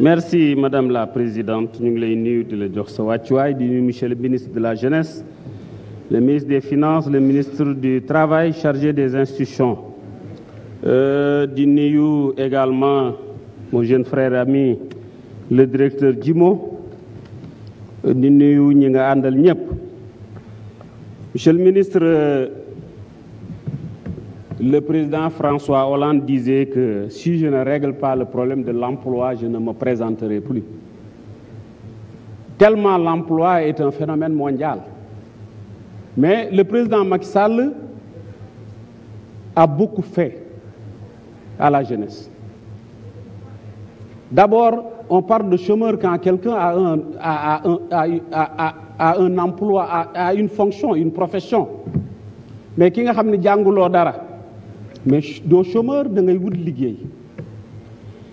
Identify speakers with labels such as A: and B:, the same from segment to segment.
A: merci madame la présidente ñu ngi lay nuyu di la jox sa wàccuwaay di nuyu le ministre de la jeunesse le ministre des finance le ministre du travail chargé des institutions euh, di nuyu également mon jeune frère ami le directeur Djimo euh, di nuyu ñi nga àndal ñëpp monsieur le ministre euh, Le président François Hollande disait que si je ne règle pas le problème de l'emploi, je ne me présenterai plus. Tellement l'emploi est un phénomène mondial. Mais le président Macky Sall a beaucoup fait à la jeunesse. D'abord, on parle de chômeur quand quelqu'un a un, a, emploi, a, une fonction, une profession. Mais qui n'a dara mais doo chômeur da ngay wut liggéey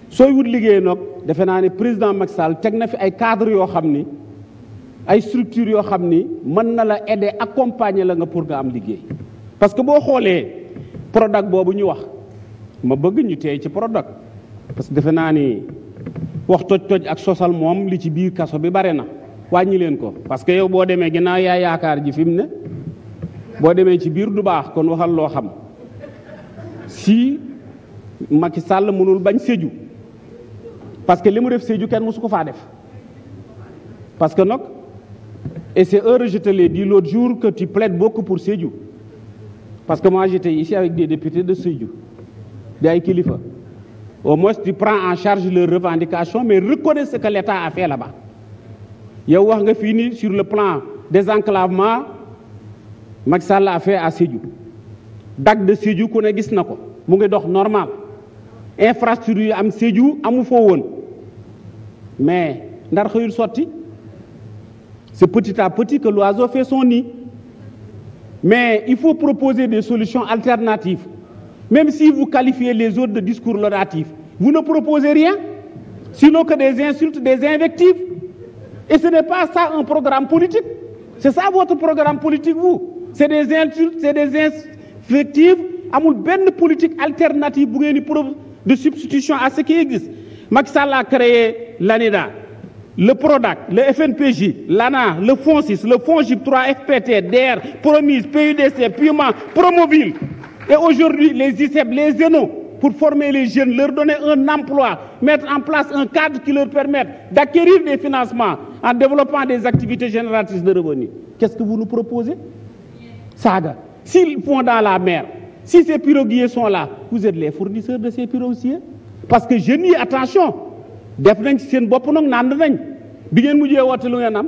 A: sooy wut liggéey nag defe naa ne président Macky Sall teg na fi ay cadre yoo xam ni ay structure yoo xam ni mën na la aider accompagner la nga pour nga am liggéey parce que boo xoolee Prodac boobu ñu wax ma bëgg ñu teey ci Prodac parce que defe naa ni wax toj-toj ak sosal moom li ci biir kaso bi bare na wàññi leen ko parce que yow boo demee ginnaaw yaa yaakaar ji fi mu ne boo demee ci biir du baax kon waxal loo xam si Macky Sall mënul bañ Sédhiou parce que li mu def Sédhiou kenn mosu ko faa def parce que nag et c'est heureux je te l'ai dit l'autre jour que tu plaides beaucoup pour Sédhiou parce que moi j'étais ici avec des députés de Sédhiou di ay kilifa au moins tu prends en charge leurs revendications mais reconnais ce que l'État a fait là-bas yow wax nga fii nii sur le plan désenclavement Macky Sall a fait à Sédhiou DAC de Sédhiou ku ne gis na ko mu ngi dox normal infrastructure yu am Sédhiou amu foo woon mais ndar xëyul sotti c'est petit à petit que l'oiseau fait son nid mais il faut proposer des solutions alternatives même si vous qualifiez les autres de discours laudatifs vous ne proposez rien sinon que des insultes des invectives et ce n'est pas ça un programme politique c'est ça votre programme politique vous c'est des insultes c'est des effective amul benn politique alternative bu ngeen di preuve de substitution à ce qui existe Macky Sall a créé l'ANIDA le PRODAC le FNPJ l'ANA le FONSIS le FONGIP 3FPT DER PROMIS PUDC PUMA Promoville et aujourd'hui les ICEP les ENO pour former les jeunes leur donner un emploi mettre en place un cadre qui leur permette d'acquérir des financements en développant des activités génératrices de revenus qu'est-ce que vous nous proposez saaga S'ils vont dans la mer, si ces piroguiers sont là, vous êtes les fournisseurs de ces piroguiers. Parce que je dis attention, def nañ ci seen bopp nag nand nañ bi ngeen mujjee woote lu ngeen am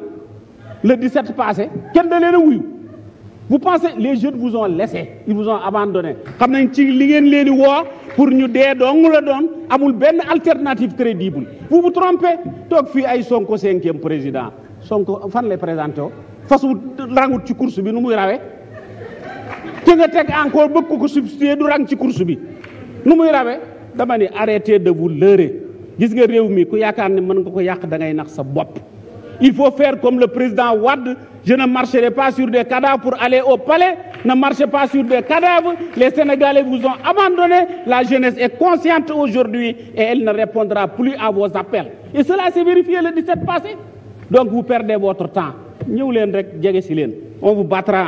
A: le 17 passé kenn da leen a wuyu vous pensez les jeunes vous ont laissé ils vous ont abandonné xam nañ ci li ngeen leen woo pour ñu dee dong la doon amul benn alternative crédible vous vous trompez toog fii ay Sonko cinquième président Sonko fan lay présenté o fas wut rangut ci course bi nu muy rawee ki nga teg encore bëgg ko substituer du rang ci course bi nu muy rawe dama ni arrêtez de vous leurrer gis nga réew mi ku yaakaar ne mën nga ko yàq da ngay nax sa bopp il faut faire comme le président Wade je ne marcherai pas sur des pour aller au palais ne marchez pas sur des cadavres les Sénégalais vous ont abandonné la jeunesse est consciente aujourd'hui et elle ne répondra plus à vos appels et cela s'est vérifié le 17 passé donc vous perdez votre temps ñëw leen rek jege si leen on vous battra